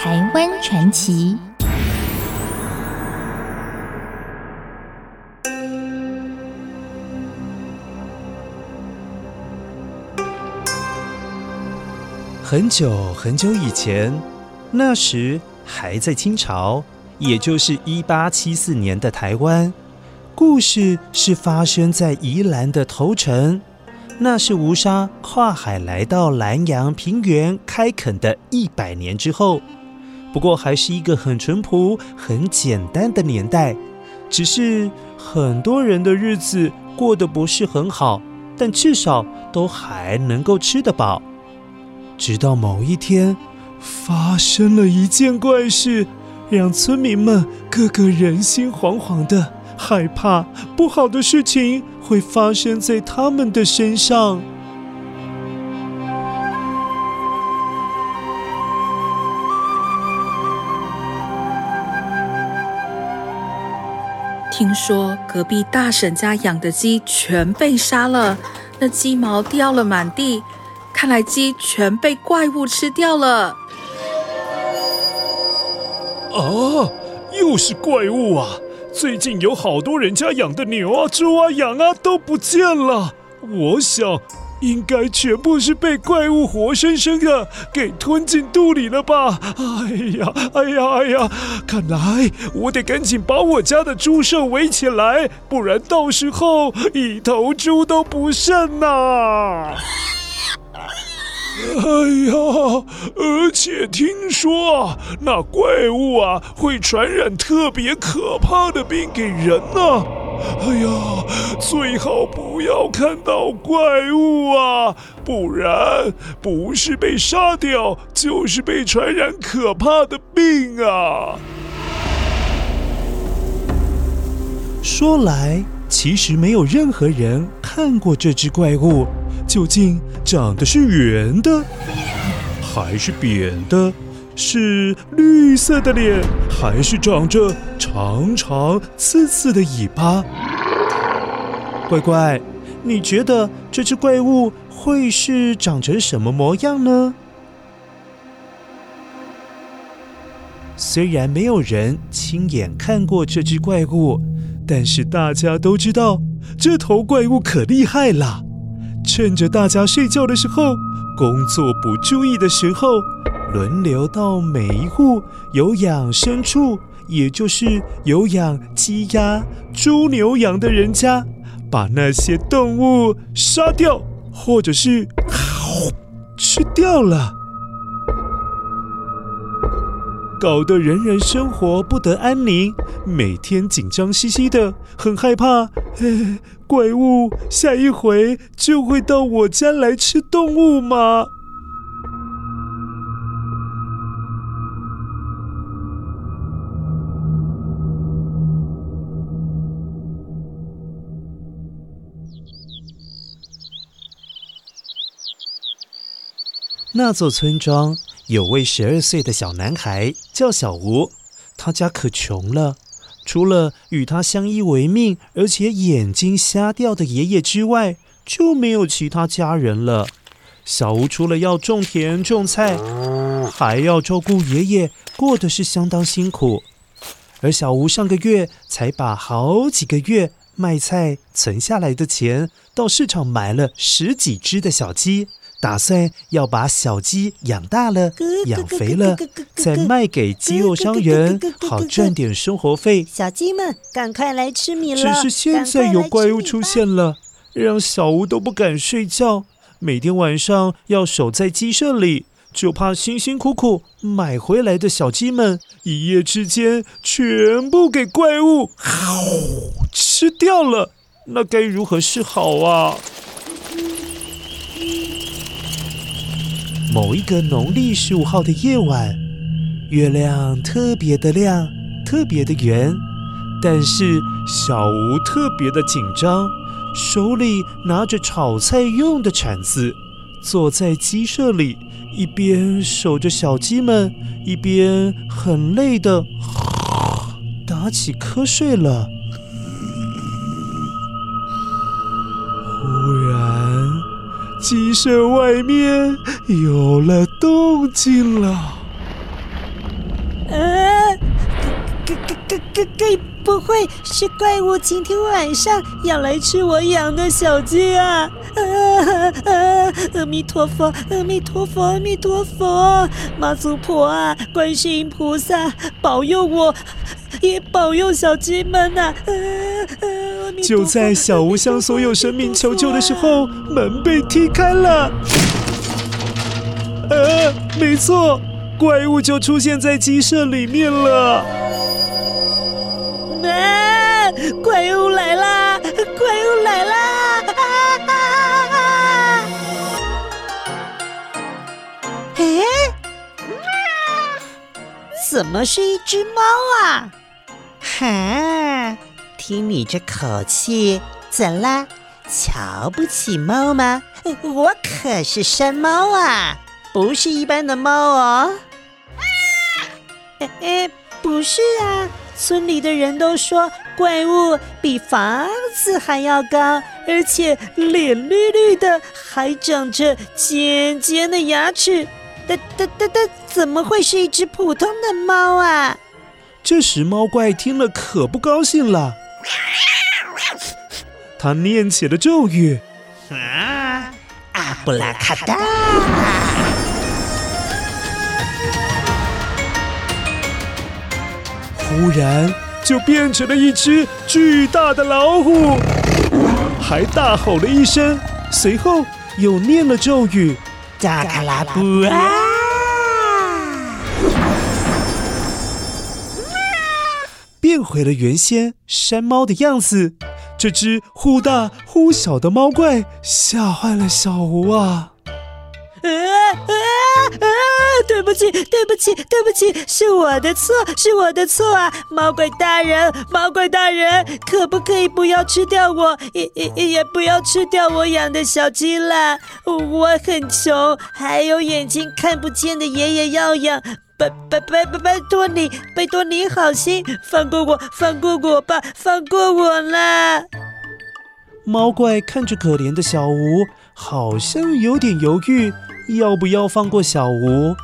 台灣傳奇。很久很久以前，那時還在清朝，也就是一八七四年的台灣。故事是發生在宜蘭的頭城，那是吳沙跨海來到蘭陽平原開墾的一百年之後。不過還是一個很淳樸、很簡單的年代，只是很多人的日子過得不是很好，但至少都還能夠吃得飽。直到某一天，發生了一件怪事，讓村民們個個人心惶惶的，害怕不好的事情會發生在他們的身上。聽說隔壁大嬸家養的雞全被殺了，那雞毛掉了滿地，看來雞全被怪物吃掉了。啊，又是怪物啊！最近有好多人家養的牛啊、豬啊、羊啊都不見了，我想。應該全部是被怪物活生生的給吞進肚裡了吧？哎呀，哎呀，哎呀！看來我得趕緊把我家的豬舍圍起來，不然到時候一頭豬都不剩吶、啊！哎呀，而且聽說那怪物啊會傳染特別可怕的病給人呢、啊。哎呀，最好不要看到怪物啊！不然不是被殺掉，就是被傳染可怕的病啊。說來，其實沒有任何人看過這隻怪物，究竟長得是圓的，還是扁的？是綠色的臉，還是長着長長刺刺的尾巴？乖乖，你覺得這隻怪物會是長成什麼模樣呢？雖然沒有人親眼看過這隻怪物，但是大家都知道這頭怪物可厲害了。趁着大家睡覺的時候，工作不注意的時候。輪流到每一戶有養牲畜，也就是有養雞鴨、豬牛羊的人家，把那些動物殺掉，或者是吃掉了。搞得人人生活不得安寧，每天緊張兮兮的，很害怕，怪物下一回就會到我家來吃動物嗎？那座村莊有位十二歲的小男孩，叫小吳。他家可窮了，除了與他相依為命、而且眼睛瞎掉的爺爺之外，就沒有其他家人了。小吳除了要種田種菜，還要照顧爺爺，過得是相當辛苦。而小吳上個月才把好幾個月賣菜存下來的錢，到市場買了十幾隻的小雞。打算要把小雞養大了、養肥了，再賣給雞肉商人，好賺點生活費。小雞們，趕快來吃米了！只是現在有怪物出現了，讓小吳都不敢睡覺，每天晚上要守在雞舍裡，就怕辛辛苦苦買回來的小雞們一夜之間全部給怪物吃掉了。那該如何是好啊？某一個農曆十五號的夜晚，月亮特別的亮，特別的圓，但是小吳特別的緊張，手裡拿着炒菜用的鏟子，坐在雞舍裡，一邊守着小雞們，一邊很累的打起瞌睡了。雞舍外面有了動靜了！哎、啊，該該該該該不會是怪物？今天晚上要來吃我養的小雞啊！啊啊啊！阿彌陀佛，阿彌陀佛，阿彌陀佛！媽祖婆啊，觀世音菩薩保佑我，也保佑小雞們吶、啊！啊啊！就在小吳向所有神明求救的時候，門被踢開了、啊。呃，沒錯，怪物就出現在雞舍裡面了、啊。啊！怪物來啦！怪物來啦！啊。怎麼是一隻貓啊？啊。聽你這口氣，怎啦？瞧不起貓嗎？我可是山貓啊，不是一般的貓哦！啊、哎，哎不是啊！村裡的人都說怪物比房子還要高，而且臉綠綠的，還長着尖尖的牙齒。噠噠噠噠，怎麼會是一隻普通的貓啊？這時，貓怪聽了可不高興了。他念起了咒語，阿布拉卡達，忽然就變成了一隻巨大的老虎，還大吼了一聲，隨後又念了咒語，扎卡拉布啊。變回了原先山貓的樣子，這只忽大忽小的貓怪嚇壞了小吳啊！啊啊啊！對不起，對不起，對不起，是我的錯，是我的錯、啊！貓怪大人，貓怪大人，可不可以不要吃掉我？也也也不要吃掉我養的小雞啦。我很窮，還有眼睛看不見的爺爺要養。拜拜拜拜拜託你，拜託你好心放過我，放過我吧，放過我啦！貓怪看着可憐的小吳，好像有點猶豫，要不要放過小吳？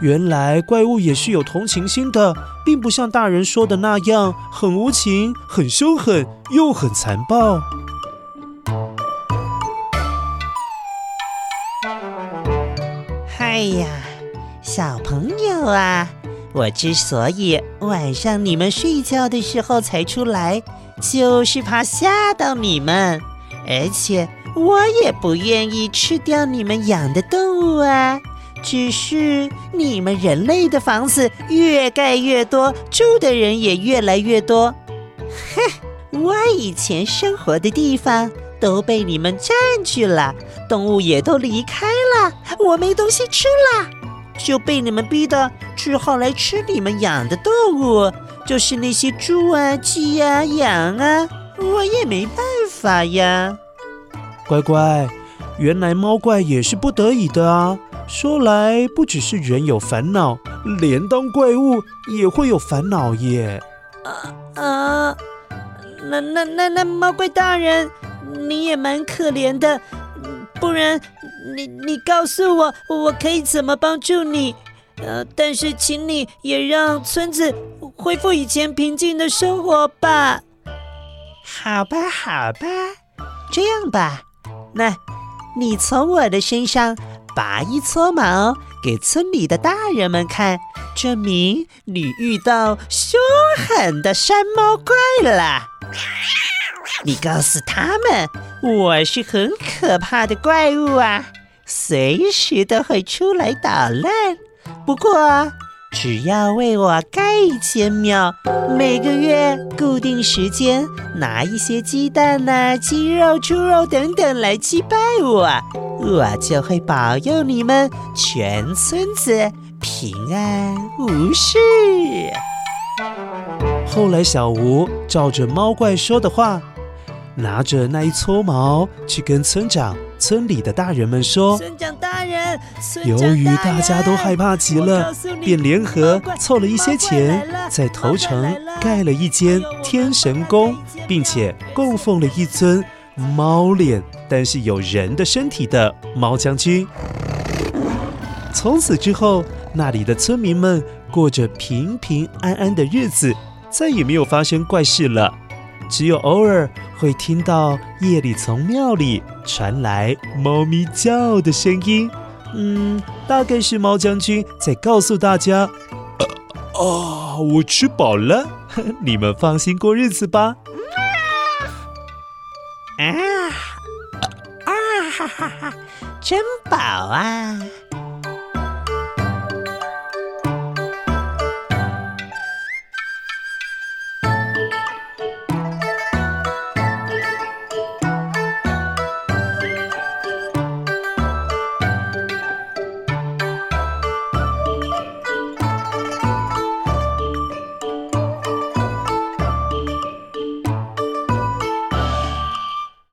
原來怪物也是有同情心的，並不像大人說的那樣很無情、很凶狠又很殘暴。哇！我之所以晚上你們睡覺的時候才出來，就是怕嚇到你們，而且我也不願意吃掉你們養的動物啊。只是你們人類的房子越蓋越多，住的人也越來越多。哼！我以前生活的地方都被你們佔據了，動物也都離開了，我沒東西吃了。就被你們逼的，只好來吃你們養的動物，就是那些豬啊、雞啊、羊啊，我也沒辦法呀。乖乖，原來貓怪也是不得已的啊！說來，不只是人有煩惱，連當怪物也會有煩惱耶。啊、呃、啊、呃！那那那那，貓怪大人，你也蠻可憐的，不然。你你告訴我，我可以怎麼幫助你？呃，但是請你也讓村子恢復以前平靜的生活吧。好吧，好吧，這樣吧，那，你從我的身上拔一撮毛給村裡的大人們看，證明你遇到凶狠的山貓怪了。你告訴他們。我是很可怕的怪物啊，隨時都會出來搗亂。不過，只要為我蓋一間廟，每個月固定時間拿一些雞蛋吶、啊、雞肉、豬肉等等來祭拜我，我就會保佑你們全村子平安無事。後來，小吳照着貓怪說的話。拿着那一撮毛去跟村長、村裡的大人們說：“村長大人。”由於大家都害怕極了，便聯合湊了一些錢，在頭城蓋了一間天神宮，並且供奉了一尊貓臉，但是有人的身體的貓將軍。從此之後，那裡的村民們過着平平安安的日子，再也沒有發生怪事了。只有偶爾會聽到夜裡從廟裡傳來貓咪叫的聲音，嗯，大概是貓將軍在告訴大家：“啊、呃哦，我吃飽了呵呵，你們放心過日子吧。啊”啊啊哈哈哈，真飽啊！